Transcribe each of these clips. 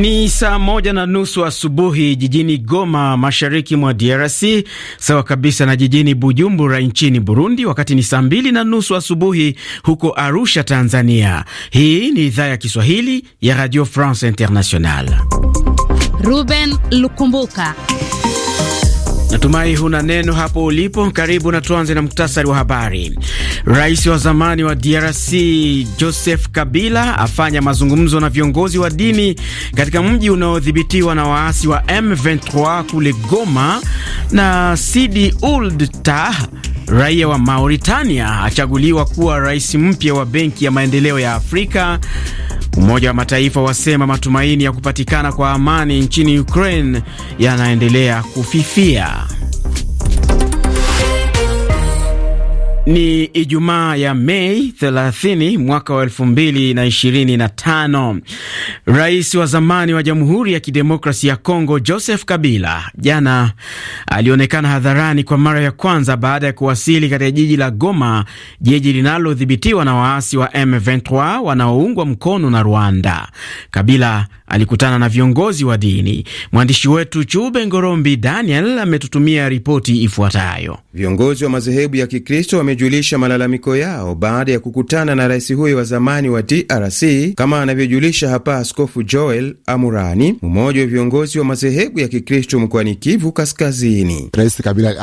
Ni saa moja na nusu asubuhi jijini Goma, mashariki mwa DRC, sawa kabisa na jijini Bujumbura nchini Burundi, wakati ni saa mbili na nusu asubuhi huko Arusha, Tanzania. Hii ni idhaa ya Kiswahili ya Radio France international Ruben Lukumbuka Natumai huna neno hapo ulipo. Karibu na tuanze na muktasari wa habari. Rais wa zamani wa DRC Joseph Kabila afanya mazungumzo na viongozi wa dini katika mji unaodhibitiwa na waasi wa M23 kule Goma, na Sidi Ould Tah raia wa Mauritania achaguliwa kuwa rais mpya wa Benki ya Maendeleo ya Afrika Umoja wa Mataifa wasema matumaini ya kupatikana kwa amani nchini Ukraine yanaendelea kufifia. Ni Ijumaa ya Mei 30 mwaka wa 2025. Rais wa zamani wa Jamhuri ya Kidemokrasi ya Kongo Joseph Kabila jana alionekana hadharani kwa mara ya kwanza baada ya kuwasili katika jiji la Goma, jiji linalodhibitiwa na waasi wa M23 wanaoungwa mkono na Rwanda. Kabila alikutana na viongozi wa dini. Mwandishi wetu Chube Ngorombi Daniel ametutumia ripoti ifuatayo. Viongozi wa madhehebu ya Kikristo wame wamejulisha malalamiko yao baada ya kukutana na rais huyo wa zamani wa DRC, kama anavyojulisha hapa Askofu Joel Amurani, mmoja wa viongozi wa madhehebu ya Kikristo mkoani Kivu Kaskazini. Rais Kabila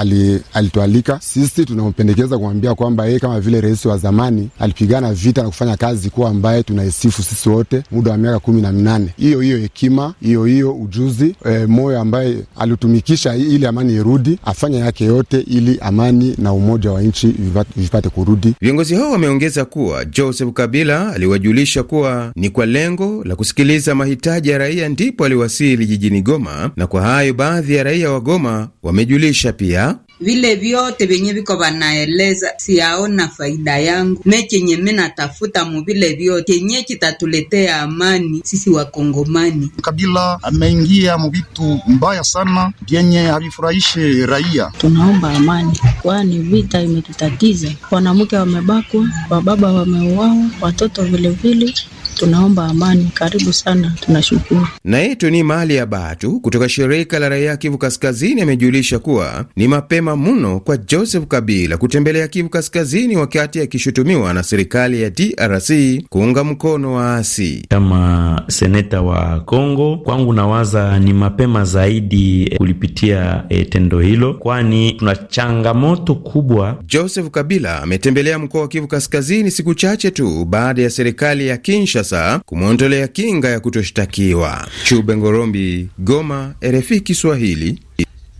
alitualika ali sisi, tunampendekeza kumwambia kwamba yeye kama vile rais wa zamani alipigana vita na kufanya kazi kuwa ambaye tunaisifu sisi wote muda wa miaka kumi na minane, hiyo hiyo hekima hiyo hiyo ujuzi, e, moyo ambaye alitumikisha ili amani irudi, afanya yake yote ili amani na umoja wa nchi vipate kurudi. Viongozi hao wameongeza kuwa Joseph Kabila aliwajulisha kuwa ni kwa lengo la kusikiliza mahitaji ya raia ndipo aliwasili jijini Goma, na kwa hayo baadhi ya raia wa Goma wamejulisha pia vile vyote vyenye viko vanaeleza siyaona faida yangu me chenye mi natafuta vile vyote chenye kitatuletea amani sisi Wakongomani. Kabila ameingia muvitu mbaya sana vyenye havifurahishe raia. Tunaomba amani, kwani vita imetutatiza. Wanamke wamebakwa, wababa wameuawa, watoto vilevile tunaomba amani. Karibu sana, tunashukuru. Naye Toni Mali ya Batu kutoka shirika la raia Kivu Kaskazini amejulisha kuwa ni mapema mno kwa Joseph Kabila kutembelea Kivu Kaskazini wakati akishutumiwa na serikali ya DRC kuunga mkono waasi. Kama seneta wa Kongo, kwangu nawaza ni mapema zaidi eh, kulipitia e, tendo hilo, kwani tuna changamoto kubwa. Joseph Kabila ametembelea mkoa wa Kivu Kaskazini siku chache tu baada ya serikali ya Kinsha sasa kumwondolea kinga ya kutoshtakiwa. Chube Ngorombi, Goma, RFI Kiswahili.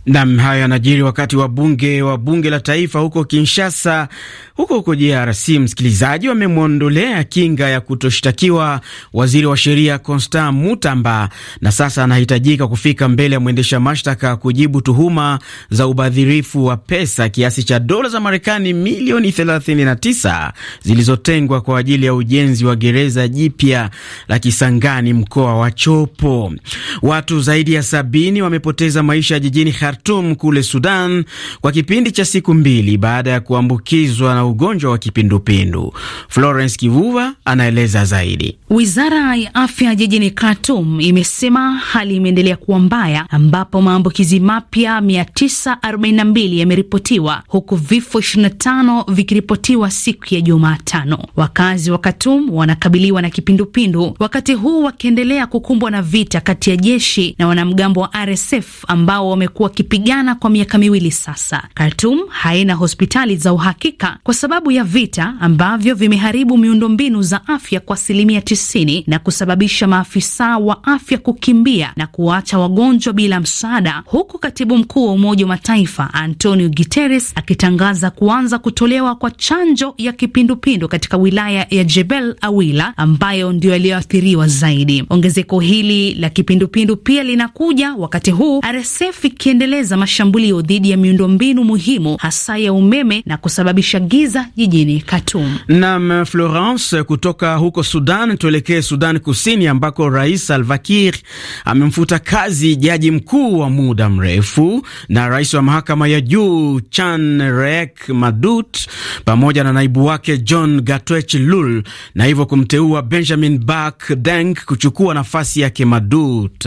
Nam, hayo yanajiri wakati wa bunge wa bunge la taifa huko Kinshasa, huko huko DRC, msikilizaji, wamemwondolea kinga ya kutoshtakiwa waziri wa sheria Constant Mutamba, na sasa anahitajika kufika mbele ya mwendesha mashtaka kujibu tuhuma za ubadhirifu wa pesa kiasi cha dola za Marekani milioni 39 zilizotengwa kwa ajili ya ujenzi wa gereza jipya la Kisangani, mkoa wa Chopo. Watu zaidi ya sabini wamepoteza maisha jijini Khar Khartum kule Sudan kwa kipindi cha siku mbili baada ya kuambukizwa na ugonjwa wa kipindupindu. Florence Kivuva anaeleza zaidi. Wizara ya afya jijini khartum imesema hali imeendelea kuwa mbaya, ambapo maambukizi mapya 942 yameripotiwa huku vifo 25 vikiripotiwa siku ya Jumatano. Wakazi wa Khartum wanakabiliwa na kipindupindu wakati huu wakiendelea kukumbwa na vita kati ya jeshi na wanamgambo wa RSF ambao wamekuwa wakipigana kwa miaka miwili sasa. Khartoum haina hospitali za uhakika kwa sababu ya vita ambavyo vimeharibu miundombinu za afya kwa asilimia 90 na kusababisha maafisa wa afya kukimbia na kuwacha wagonjwa bila msaada, huku katibu mkuu wa Umoja wa Mataifa Antonio Guterres akitangaza kuanza kutolewa kwa chanjo ya kipindupindu katika wilaya ya Jebel Awila ambayo ndio yaliyoathiriwa zaidi. Ongezeko hili la kipindupindu pia linakuja wakati huu RSF ikiendelea kutekeleza mashambulio dhidi ya miundombinu muhimu hasa ya umeme na kusababisha giza jijini Khartoum. Nam Florence, kutoka huko Sudan tuelekee Sudan Kusini ambako Rais Salva Kiir amemfuta kazi jaji mkuu wa muda mrefu na rais wa mahakama ya juu Chan Reek Madut pamoja na naibu wake John Gatwech Lul na hivyo kumteua Benjamin Bak Deng kuchukua nafasi yake Madut.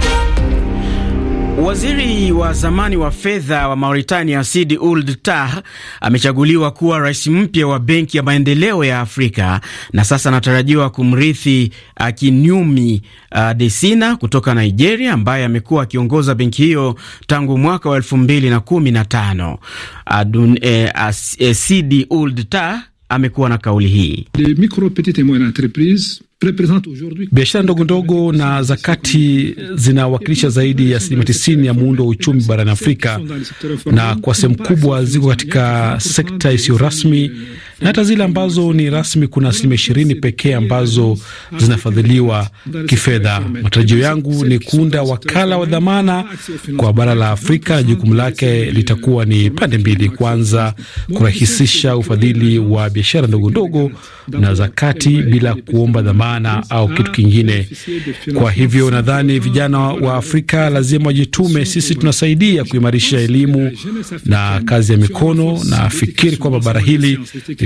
Waziri wa zamani wa fedha wa Mauritania Sidi Ould Tah amechaguliwa kuwa rais mpya wa Benki ya Maendeleo ya Afrika na sasa anatarajiwa kumrithi akinyumi uh, Desina kutoka Nigeria ambaye amekuwa akiongoza benki hiyo tangu mwaka wa elfu mbili na kumi na tano. Eh, eh, Sidi Ould Tah amekuwa na kauli hii. Biashara ndogo ndogo na za kati zinawakilisha zaidi ya asilimia tisini ya muundo wa uchumi barani Afrika na kwa sehemu kubwa ziko katika sekta isiyo rasmi na hata zile ambazo ni rasmi kuna asilimia ishirini pekee ambazo zinafadhiliwa kifedha. Matarajio yangu ni kuunda wakala wa dhamana kwa bara la Afrika. na Jukumu lake litakuwa ni pande mbili, kwanza kurahisisha ufadhili wa biashara ndogo ndogo na zakati bila kuomba dhamana au kitu kingine. Kwa hivyo nadhani vijana wa Afrika lazima wajitume. Sisi tunasaidia kuimarisha elimu na kazi ya mikono, na fikiri kwamba bara hili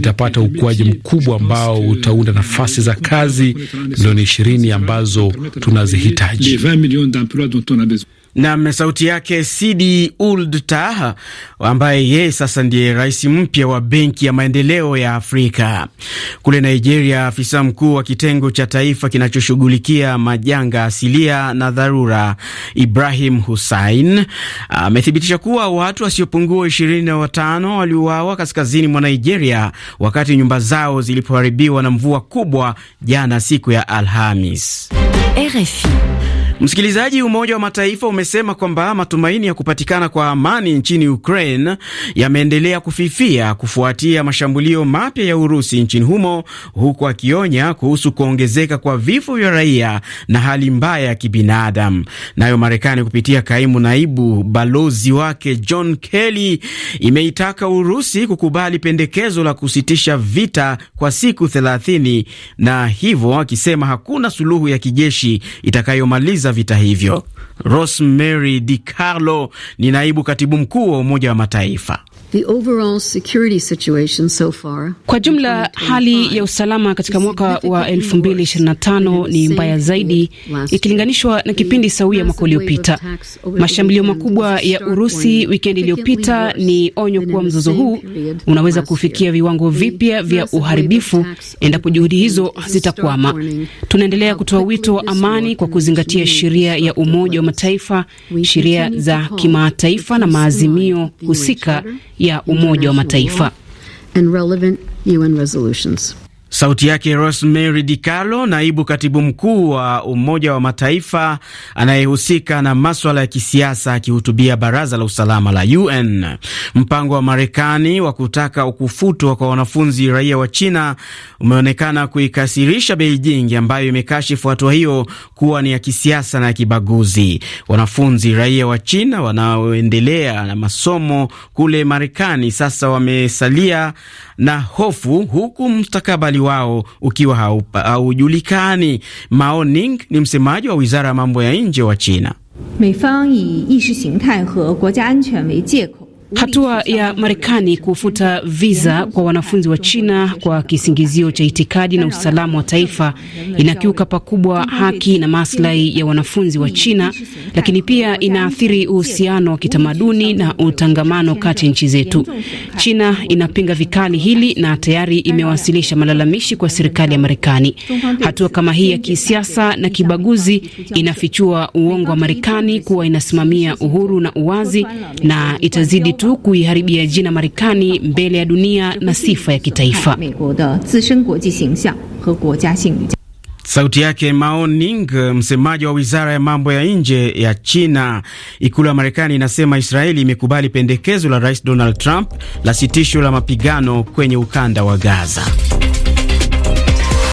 itapata ukuaji mkubwa ambao utaunda nafasi za kazi milioni ishirini ambazo tunazihitaji. Nam, sauti yake Sidi Ould Tah ambaye yeye sasa ndiye rais mpya wa Benki ya Maendeleo ya Afrika. Kule Nigeria, afisa mkuu wa kitengo cha taifa kinachoshughulikia majanga asilia na dharura, Ibrahim Hussein, amethibitisha kuwa watu wasiopungua ishirini na watano waliuawa kaskazini mwa Nigeria wakati nyumba zao zilipoharibiwa na mvua kubwa jana siku ya Alhamis. RFI Msikilizaji, Umoja wa Mataifa umesema kwamba matumaini ya kupatikana kwa amani nchini Ukraine yameendelea kufifia kufuatia mashambulio mapya ya Urusi nchini humo, huku akionya kuhusu kuongezeka kwa vifo vya raia na hali mbaya ya kibinadamu. Nayo Marekani kupitia kaimu naibu balozi wake John Kelly imeitaka Urusi kukubali pendekezo la kusitisha vita kwa siku 30 na hivyo akisema hakuna suluhu ya kijeshi itakayomaliza kumaliza vita hivyo. Rosemary Di Carlo ni naibu katibu mkuu wa Umoja wa Mataifa. The overall security situation so far, kwa jumla hali ya usalama katika mwaka wa 2025 ni mbaya zaidi ikilinganishwa na kipindi sawia mwaka uliopita. Mashambulio makubwa ya Urusi wikendi iliyopita ni onyo kuwa mzozo huu unaweza kufikia viwango vipya vya uharibifu endapo juhudi hizo zitakwama. Tunaendelea kutoa wito wa amani kwa kuzingatia sheria ya Umoja wa Mataifa, sheria za kimataifa na maazimio husika ya Umoja wa Mataifa Sauti yake Rosemary DiCarlo, naibu katibu mkuu wa Umoja wa Mataifa anayehusika na maswala ya kisiasa, akihutubia baraza la usalama la UN. Mpango wa Marekani wa kutaka kufutwa kwa wanafunzi raia wa China umeonekana kuikasirisha Beijing, ambayo imekashifu hatua hiyo kuwa ni ya kisiasa na ya kibaguzi. Wanafunzi raia wa China wanaoendelea na masomo kule Marekani sasa wamesalia na hofu, huku mstakabali wao ukiwa haujulikani. Mao Ning ni msemaji wa wizara ya mambo ya nje wa China. Hatua ya Marekani kufuta viza kwa wanafunzi wa China kwa kisingizio cha itikadi na usalama wa taifa inakiuka pakubwa haki na maslahi ya wanafunzi wa China, lakini pia inaathiri uhusiano wa kitamaduni na utangamano kati ya nchi zetu. China inapinga vikali hili na tayari imewasilisha malalamishi kwa serikali ya Marekani. Hatua kama hii ya kisiasa na kibaguzi inafichua uongo wa Marekani kuwa inasimamia uhuru na uwazi na itazidi tu tu kuiharibia jina Marekani mbele ya dunia na sifa ya kitaifa. Sauti yake Mao Ning, msemaji wa wizara ya mambo ya nje ya China. Ikulu ya Marekani inasema Israeli imekubali pendekezo la Rais Donald Trump la sitisho la mapigano kwenye ukanda wa Gaza.